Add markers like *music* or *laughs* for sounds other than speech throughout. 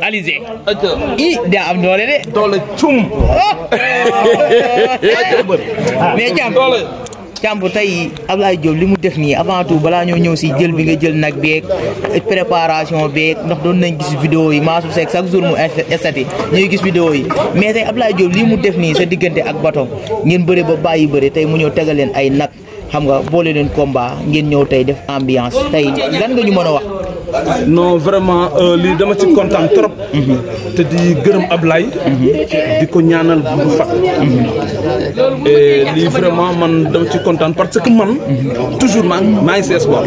Alizé. i daa am doole de. doole cum. Oh. *laughs* mais jàmm jàmm tey Ablaye Diop li mu def nii avant tout balaa ñoo ñëw si jël bi nga jël nag beeg préparation beeg ndax doon nañ gis video yi Mansour Seck chaque jour mu estati ñuy gis vidéo yi mais tey Ablaye Diop li mu def nii sa diggante ak bato ngeen bëre ba bàyyi bëre tey mu ñëw tegal leen ay nag xam nga boole leen combat ngeen ñëw tey def ambiance tey lan nga ñu mën a wax. non vraiment euh, lii dama ci kontaan trop. te di gërëm Ablaye. di ko ñaanal bu fat et lii vraiment man dama ci kontaan parce que man. toujours maa ngi maa ngi si espoir.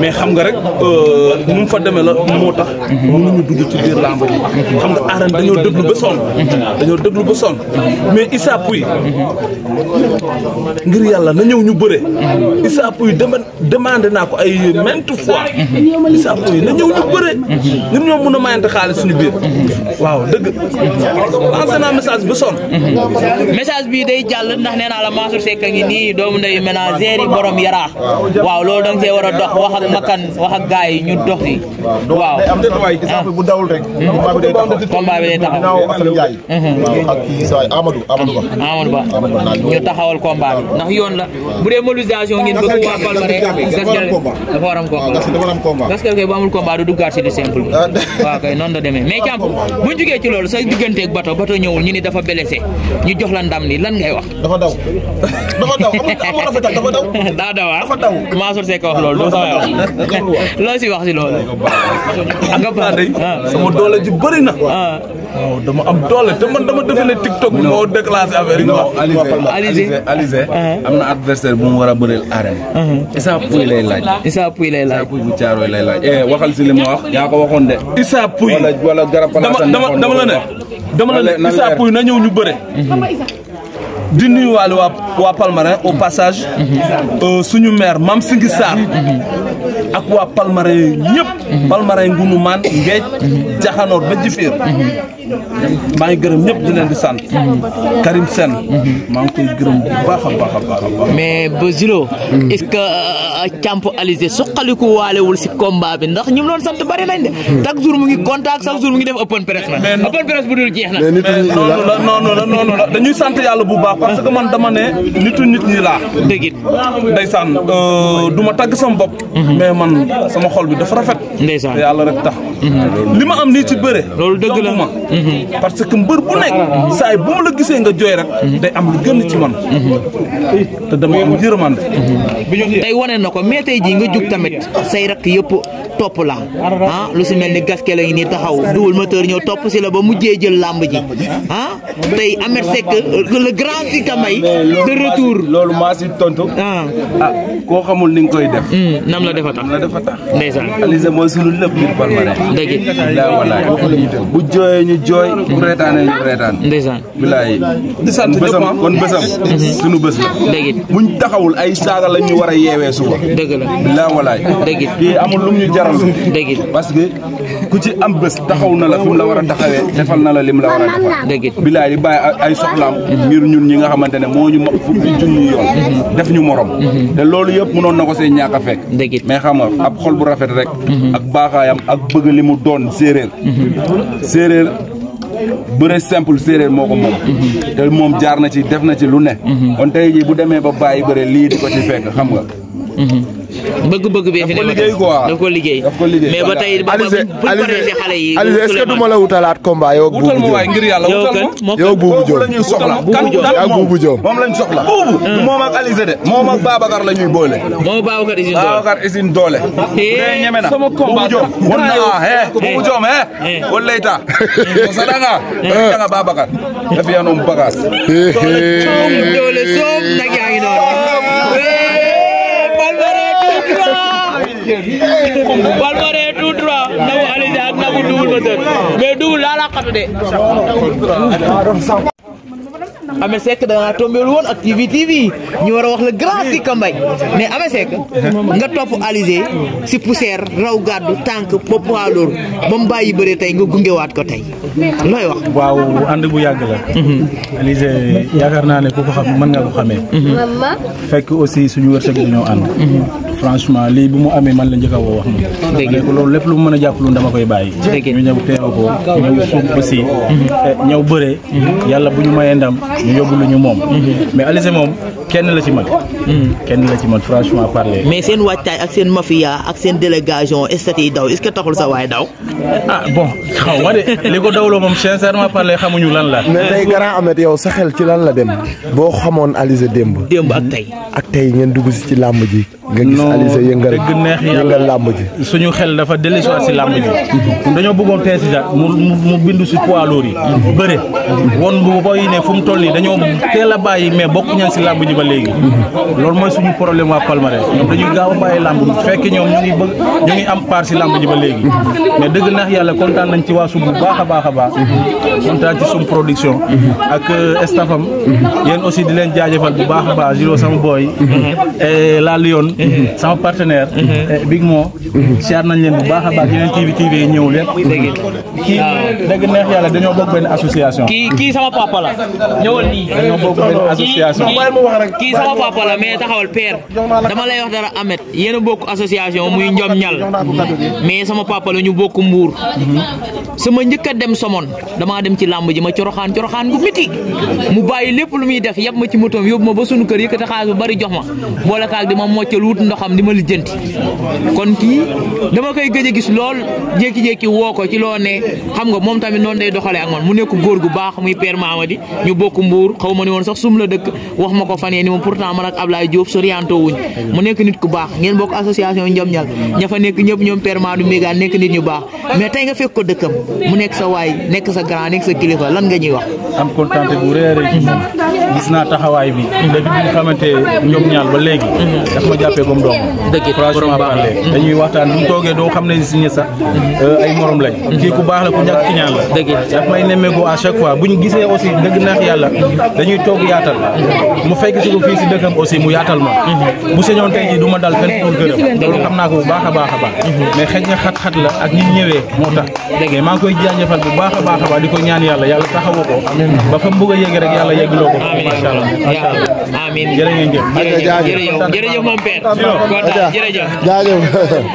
mais xam nga rek euh, nu mu fa demee la moo tax. mënuñu dugg ci biir làmb ji. xam nga arène dañoo déglu ba sonn. dañoo déglu ba sonn mais Issa Pouye ngir yàlla na ñëw ñu bëre. Issa Pouye demandé naa ko ay maintes fois. sa am na ñëw ñu bëre ñun ñoo mën a mayante xaalis suñu biir mm-hmm. waaw dëgg mm-hmm. lancé naa message bu sonn mm-hmm. message bi day jàll ndax nee naa la Mansour Seck a ngi nii doomu ndeyu ménagère yi borom yaraax waaw loolu da nga see war a dox wax a makan wax ak gars yi ñu dox yi waaw am déet waay exemple bu dawul rek combat bi day taxaw combat bi day taxaw ak kii sa waay Amadou Amadou Ba Amadou Ba ñu taxawal combat bi ndax yoon la bu dee mobilisation ngeen bëgg waa Palmarin dafa war am combat combat. parce que kay bu amul combat du duggaat si du simple bi. Ah, waaw kay noonu la demee mais Thiam bu ñu ci loolu sa digganteeg bato bato ñëwul ñu ni dafa blessé ñu jox la ndam ni lan ngay wax. dafa daw dafa daw amul rafetal dafa daw. *laughs* daa ah. wax loolu du sama wax *laughs* loo si wax si loolu. nga baax day ah. sama doole ji bëri na. Oh, am doole te man dama defe ne TikTok bi moo déclassé affaire yi. non Alizé Alizé am na adversaire bu mu war a bëreel arène. Issa Pouye lay laaj. Issa Pouye lay laaj. yooyu lay laaj. Eh, waxal si wax. yaa ko waxoon de. Issa Pouye wala garab dama dama la ne. dama la ne Issa Pouye na ñëw ñu bëre. di nuyu waale waa waa Palmarin au passage. Mhm. Euh, suñu maire Mame Singhi Sarr. Mhm. ak waa Palmarin ñëpp. Mhm. Palmarin Ngunu Ngeej. Jaxanoor ba Jifir. maa ngi gërëm ñëpp di leen di sant. Karim Sène. maa ngi koy gërëm bu baax a baax a baax a baax. mais ba Zilo. est-ce que Camp euh, Alizé suqaliku waalewul si combat bi ndax ñu doon sant bari nañ de. chaque jour mu ngi contact chaque jour mu ngi def open press na. open press bu dul jeex na. mais noonu la noonu la dañuy sant yàlla bu baax parce que man dama ne nitu nit ñi laa. dëgg it ndeysaan euh, du ma tagg sama bopp. Mhm. mais man sama xol bi dafa rafet. ndeysaan te yàlla rek tax. Mhm. li ma am nii ci ma. parce que mbeur bu nek say bu ma la gisse nga joy rek day am lu gën ci man te dama am yërmande tey woné nako ko mais tey jii nga juk tamit say rek yépp top la ah lu si mel ni la ngi taxaw duwul moteur ñëw top ci la ba mujjee jël lamb ji ah tay Ahmed Seck le grand ci kamay ah, de retour lolu ma ci tontu ah, ah ko xamul ni ngui koy def hmm, nam la defata la defata ndaysan Alizé mo sulu lepp bir palmaré dëgg la wala bu joyé ñu jooy bu reetaanee ñu reetaan ndeysaan bilaay di sant bësam kon bësam sunu bës la dëgg buñ taxawul ay saaga la ñu war a yeewee suba dëgg la bilaay walaay dëgg kii amul lu mu ñu jaral dëgg parce que ku ci am bës taxaw na la fi mu la war a taxawee defal na la li mu la war a defal dëgg bilaay bàyyi ay soxlaam ngir ñun ñi nga xamante ne moo ñu mag fukki junni yoon mhm. def ñu moroom mhm. te loolu yëpp mënoon na ko see ñàkk a fekk dëgg mais xam nga ab xol bu rafet rek mhm. ak baaxaayam ak bëgg li mu doon séeréer bëre simple séeréer moo ko moom te moom jaar na ci def na ci lu ne mhm. kon tey jii bu demee ba bàyyi bëre lii di ko ci fekk xam nga mhm. bëgg-bëgg bi fi ne da ko liggéey mais ba tey ba buñ paree si xale yi Alizé est-ce que du ma la wutalaat combat yow ak buubu joom ngir yàlla yow buubu joom lañuy soxla ak buubu joom moom lañ soxla buubu moom ak hmm. Alizé de moom ak Babacar la ñuy boole moom Babacar usine doole Babacar usine doole eh ñeme na buubu joom won na eh buubu joom eh won layta sadanga danga Babacar daf yanoom bagage doole soom nag yaa ngi noonu Palmarin tout droit Nabou Alizé ak Nabou Double mais Double laa la xatu de Ameth Seck da nga woon ak TV TV ñu war a wax la grand si Kambay mais Ameth Seck nga topp Alizé si poussière raw gàddu tànk bopp waa loolu ba mu bàyyi bëre tey nga gungewaat ko tey looy wax. waaw ànd bu yàgg la. Mhm. Alizé yaakaar naa ne ku ko xam mën nga ko xamee. fekk aussi suñu wërsëg dañoo ànd. Mhm. franchement lii bi mu amee man la njëkk a woo wax ma ma loolu lépp lu mu mën a jàpp lu dama koy bàyyi ñu ñëw teew ko ñëw suub aussi eh, ñëw bëree yàlla bu ñu mayee ndam ñu yóbbu lu ñu moom mais Alizé moom kenn la ci man kenn la ci man franchement parler mais seen waajtaay ak seen mafia ak seen délégation state yi daw est-ce que taxul sa waay daw ah bon xaw ma de li ko dawloo moom sincèrement parler xamuñu lan la mais tey grand Ameth yow sa xel ci lan la dem boo xamoon Alizé démb démb ak tey ak tey ngeen dugg si làmb ji Alizé yëngal dëgg neex yëngal làmb ji suñu xel dafa dellusiwaat si làmb ji ñun dañoo bëggoon tey si daal mu mu bindu si poids yi bëre woon bu boy ne fu mu toll nii dañoo teel a bàyyi mais bokk ñan si làmb ji ba léegi loolu mooy suñu problème waa Palmarin ñoom dañuy gaaw a bàyyi làmb ji fekk ñoom ñu ngi bëgg ñu ngi am part si làmb ji ba léegi mais dëgg neex yàlla kontaan nañ ci waa bu baax a a baax kontaan ci sum production ak euh, staffam yéen aussi di leen jaajëfal bu baax a baax Jiro sama booy mm-hmm. sama partenaire mhm. eh, Big Mo mhm. siar nañ leen bu baaxa baax yeneen TV TV ñew leen ki deug neex yalla dañoo bokk ben association ki ki sama papa la ñewal ni dañoo bokk ben association ki sama papa la mais taxawal père dama lay wax dara Amet yeena bokk association muy ñom ñal mais sama papa la ñu bokk mbuur mhm. sama ñëk dem somon dama dem ci lamb ji ma ci ci coroxaan gu miti mu bayyi lepp lu muy def yab ma ci motoom yob ma ba sunu kër yëkkati xaalis bu bari jox ma boole kaag di ma moccal wut ndoxam xam di ma lijjanti kon ki dama koy gëj gis lool jékki-jékki woo ko ci lo ne xam nga mom tamit non day doxalee ak man mu nekk goor gu baax muy père Mamadi ñu bokk mbuur xawma ni won sax sum la dëkk wax mako ko ni mo pourtant man ak ablay Diop sorianto wuñ mu nekk nit ku baax ngeen bokk association ñom ñal ña fa nekk ñep ñom père Madou Mbégaan nekk nit ñu baax mais tay nga fekk ko dëkkam mu nekk sa way nekk sa grand nekk sa kilifa lan nga ñuy wax am contenté bu réré ci mom gis na taxaway bi depuis bi nga xamante ñoom ñaal ba légui dafa jappé jàppee doom dëgg borom baax la dañuy waxtaan bu toogee doo xam ne si sax euh, ay morom lañ mm-hmm. kii ku baax la ku ñàkk ki ñaan la dëgg daf may nemmeeku à chaque fois bu ñu gisee aussi dëgg naax yàlla dañuy toog yaatal mu fekk si ko fii si dëkkam aussi mu yaatal ma mm-hmm. bu sañoon tey jii du ma dal fenn pour gërëm mm-hmm. loolu xam naa ko bu baax a baax a baax mais xëy na xat-xat la ak ñi ñëwee moo tax dëgg maa ngi koy jaajëfal bu baax a baax a baax di ko ñaan yàlla yàlla taxawu ko ba fa mu bëgg a yegg rek yàlla yeggloo ko amiin jërëjëf jërëjëf jërëjëf mon père kontaan jërëjëf